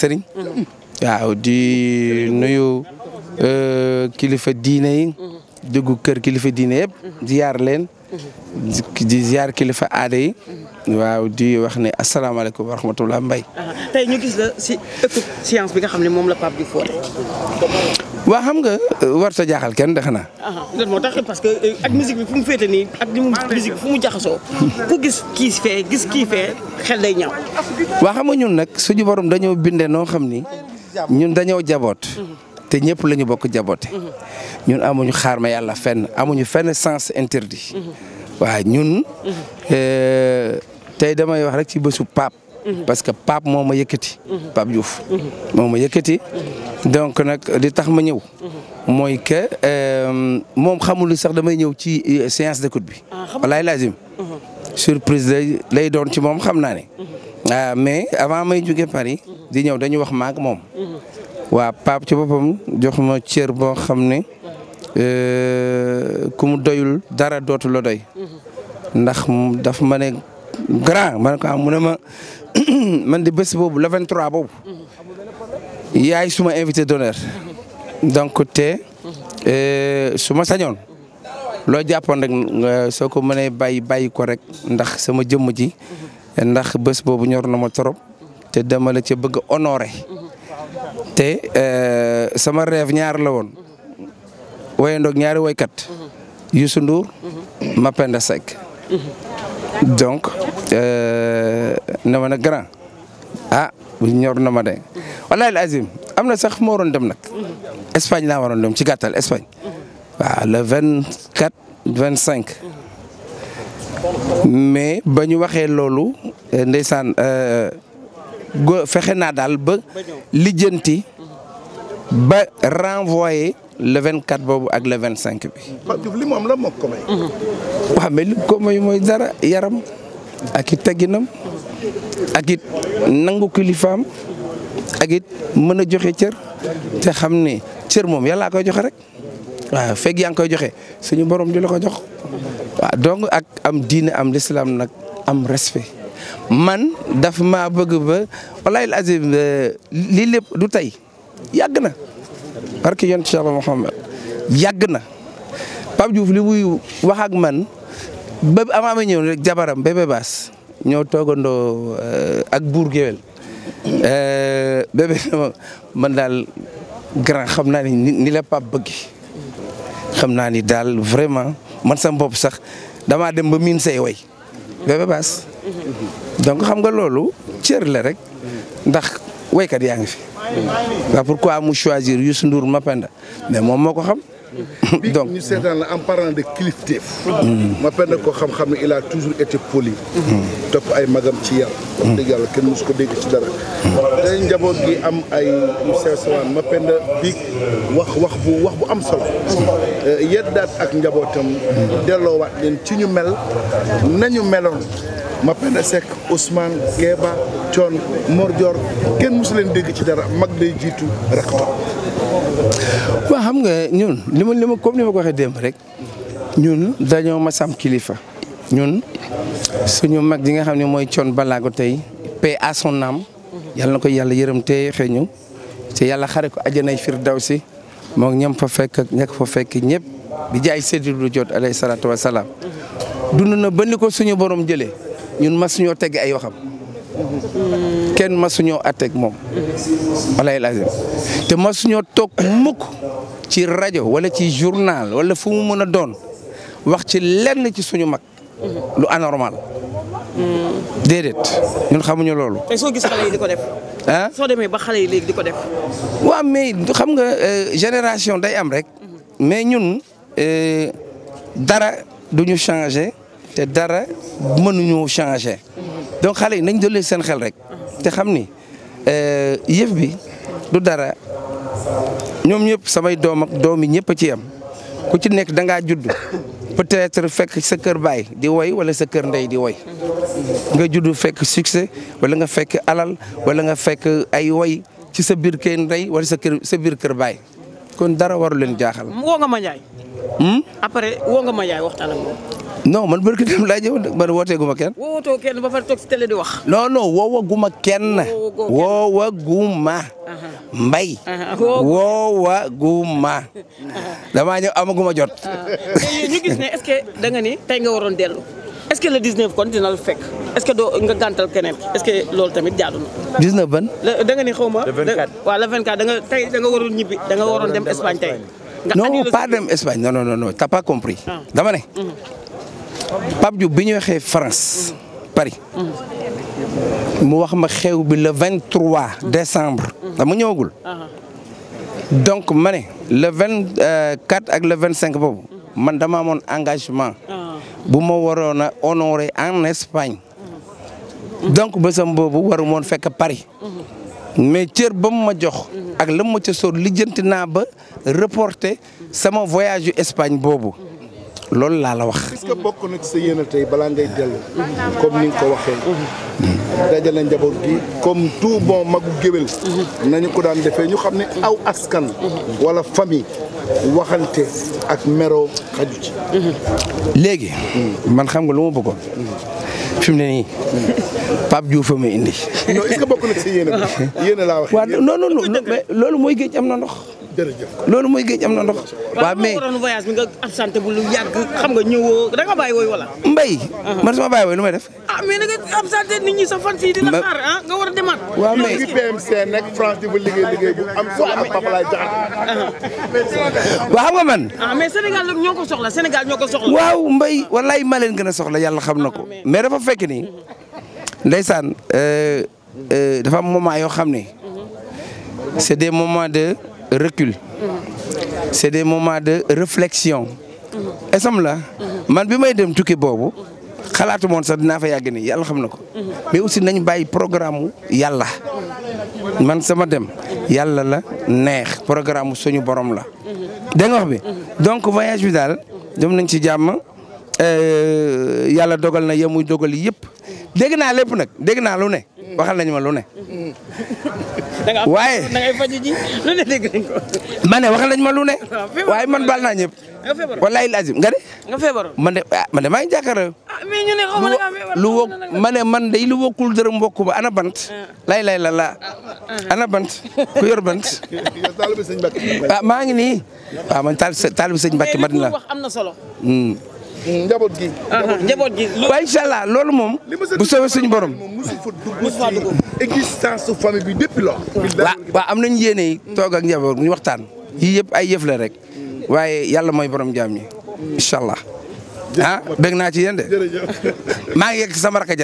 sëriñ waaw di nuyu euh, kilifa diine yi kër kilifa diine yëpp ziar leen di ziar kilifa aada yi waaw di wax ne asalaamaaleykum wa rahmatulah mbay science bi nga xam ne moom la Pape Diouf woote waa xam nga euh, war sa jaaxal kenn dexe naa. Ah, parce que euh, ak musique bi fu mu féete nii ak li mu fu mu jaxasoo ku gis kii fee gis kii fee xel day ñaaw. waa xam nga ñun nag suñu borom dañoo bindee noo xam ni ñun dañoo jaboot. te ñëpp la bokk jaboote. ñun amuñu xaar ma yàlla fenn amuñu fenn sens interdit. Mhm. waa ñun. Mhm. Euh, tey damay wax rek ci bésu Pape. Mhm. parce que Pape moo ma yëkkati. Mhm. Pape Diouf mhm. moom ma yëkkati. donc nag di tax ma ñëw. mooy que euh, moom xamul sax damay ñëw ci euh, séance d'écoute bi. Ah, walaay lazim surprise day lay doon ci moom xam naa ne. ah mais avant may juge Paris. di ñëw dañu wax maak moom. waa Pape ci boppam jox ma cër boo xam ne euh, ku doyul dara dootuloo doy. ndax daf ma ne grand man ka mu ne ma man di bés boobu le 23 boobu yaay suma invité d'honneur donc te euh, su ma sañoon loo jàppoon rek soo ko mënee bàyyi bàyyi ko rek ndax sama jëmm ji ndax bés boobu ñor na ma trop te dama la ca bëgg a honoré te euh, sama rêve ñaar la woon woyandoog ñaari woykat Youssou Ndour Mapenda Seck donc euh, ne ma nag grand ah ñor na ma de wallaahi azim am na sax moo dem nag Espagne la waroon dem ci gàttal Espagne waaw le vingt quatre vingt cinq mais ba ñu waxee loolu euh, ndeysaan euh, go fexe naa daal ba lijjanti ba renvoyé. le 24 boobu ak le cinq bi. Pape Diouf la moo ko may. waaw mooy dara yaram ak it tegginam ak it nangu kilifaam ak it mën a joxe cër te xam ne cër moom yàllaa koy joxe rek waaw fekk yaa ngi koy joxe suñu borom di la ko jox waaw donc ak am diine am lislaam nag am respect. man daf maa bëgg ba wallaahi azim euh, lii lépp du tey yàgg na. barki yonent Yàlla Muhammad yàgg na Pape Diouf li muy wax ak man ba avant ma ñëw rek jabaram bébé baas ñoo toogandoo euh, ak buur géwél euh, bébé man daal grand xam naa ni ni la xam naa ni daal vraiment man sama bopp sax damaa dem ba miin say way bébé baas mhm. donc xam nga loolu cër la rek ndax waykat yaa ngi fi. pour quoi mu choisir Youssou Ndour Mapenda mais moom moo ko xam. donc ñu seetaan la en parlant de kilifteef. Mapenda ko xam-xam ne il a toujours été poli. Hmm. topp ay magam ci yàlla. wax hmm. dëgg yàlla kenn mës ko dégg ci dara. tey njaboot gi am ay Moussa Sowaan Mapenda bi wax wax bu wax bu am solo. Hmm. Eh, yeddaat ak njabootam. delloowaat leen ci ñu mel nañu meloon. Mapenda Seck Ousmane Keba Thion Mor Dior kenn mosu dégg ci dara mag day jiitu rakk topp. xam nga ñun li ma li ma comme ni ma ko waxee rek ñun dañoo masam kilifa ñun suñu mag yi nga xam ne mooy Thion Balago tey paix à son na ko yàlla yërëm te xeeñu te yàlla xare ko àjjanay firdawsi moom ñam fa fekk ak fa fekk ñëpp di jaay séddu lu jot alayhi salaatu wa salaam dund na suñu borom jëlee. ñun masuñoo tegg ay waxam kenn masuñoo atteeg moom walaay lazim te masuñoo toog mukk ci rajo wala ci journal wala fu mu mën a doon wax ci lenn ci suñu mag lu anormal déedéet ñun xamuñu loolu. tey soo gis xale yi di demee ba xale yi léegi mais xam nga euh, génération day am rek. Mm-hmm. mais ñun euh, dara duñu changé te dara mënuñoo changer donc xale yi nañ dolli seen xel rek te xam ni euh, yëf bi du dara ñoom ñëpp samay doom ak doom yi ñëpp a ci am ku ci nekk da ngaa judd peut-être fekk sa kër baay di woy wala sa kër ndey di woy nga judd fekk succès wala nga fekk alal wala nga fekk ay woy ci sa biir kër ndey wala sa kër sa biir kër baay kon dara waru leen jaaxal. woo nga ma non man barki laaj laa ñëw man wootee gu ma kenn. wootoo kenn ba fa toog si télé di wax. non woowa gu ma kenn. woowa gu ma. mbay. woowa gu ma. damaa ñëw amagu jot. ñu gis ne que da nga ni tey nga waroon dellu. est-ce que le 19 kon dina la fekk est que doo nga gàntal keneen est-ce loolu tamit jaadu na. 19 ban. da nga ni xaw ma. le 24 waaw le da nga da nga waroon ñibbi da nga waroon dem Espagne tey. non pas dem Espagne non non pas compris. Ah. dama Pape Diop bi ñu waxee France Paris mu wax ma xew bi la vingt trois décembre dama ah, ñëwagul donc ma ne le vingt quatre ak le vingt cinq boobu man dama amoon engagement bu ma waroon a honoré en Espagne donc bésam boobu waru moon fekk Paris mais cër ba ma jox ak la ma ca sóor lijjanti naa ba reporter sama voyage Espagne boobu loolu laa la wax. est-ce bokk na sa yéene tey balaa ngay dellu. comme ni nga ko waxee. dajale njaboot gi comme tout bon magu géwél. nañu ko daan defee ñu xam ne aw askan. wala famille waxante ak meroo xaju ci. léegi. man xam nga lu ma bëggoon. fi mu ne nii Pape Diouf ma indi. non est-ce que bokk na ci sa yéene. yéene laa wax. waaw non non loolu mooy géej am na ndox. loolu mooy géej am na ndox. waaw mais waaw voyage bi nga absenté bu lu yàgg xam nga ñëwoo da nga bàyyi wooy mbay. Uh-huh. man sama bàyyi wooy lu may def. ah mais da fan si di la xaar ah, war a demaat. waaw mais uh-huh. xam nga man. Ah, Sénégal nag ñoo ko soxla Sénégal ñoo ko soxla. waaw mbay walaay maa leen gën a soxla yàlla xam na ko mais dafa fekk ni ndeysaan euh, euh, dafa am moment yoo xam ne mm-hmm. c'est des moments de recul. c' est des moments de réflexion. Mhm. esam mhm. la man bi may dem tukki boobu xalaatu moon sax dinaa fa yàgg nii yàlla xam na ko. Mhm. mais aussi nañ bàyyi programme yàlla. man sama dem yàlla la neex programme suñu borom la. da wax bi donc voyage bi daal dem nañ ci jàmm euh, yàlla dogal na yemuy dogal yëpp dégg naa lépp nag dégg naa lu ne. waxal nañ ma lu ne. waaye da ngay faj ji lu ne dégg nañ ma ne waxal nañ ma lu ne. waaye man baal naa ñëpp. nga feebar walaay lazim nga de. nga feebar man de ah man de maa ngi jàkkaarloo. Ah, ma la nga lu wokk ma man de lu wokkul dërëm mbokk ba ana bant. Ah. lay lay la laa ah. ana bant ku yor bant. ah maa ngi nii waaw man taalibu sëñ Mbacke Madina. mais li na njaboot gi. njaboot gi waaye allah loolu moom. bu soobee suñu borom. mosu fa dugg bi depuis lors. am nañu yéene yi toog ak bu ñu waxtaan. yii yëpp ay yëf rek. waaye yàlla mooy borom jaam ñi. incha allah. ah naa ci yéen de. maa ngi yegg sama rakk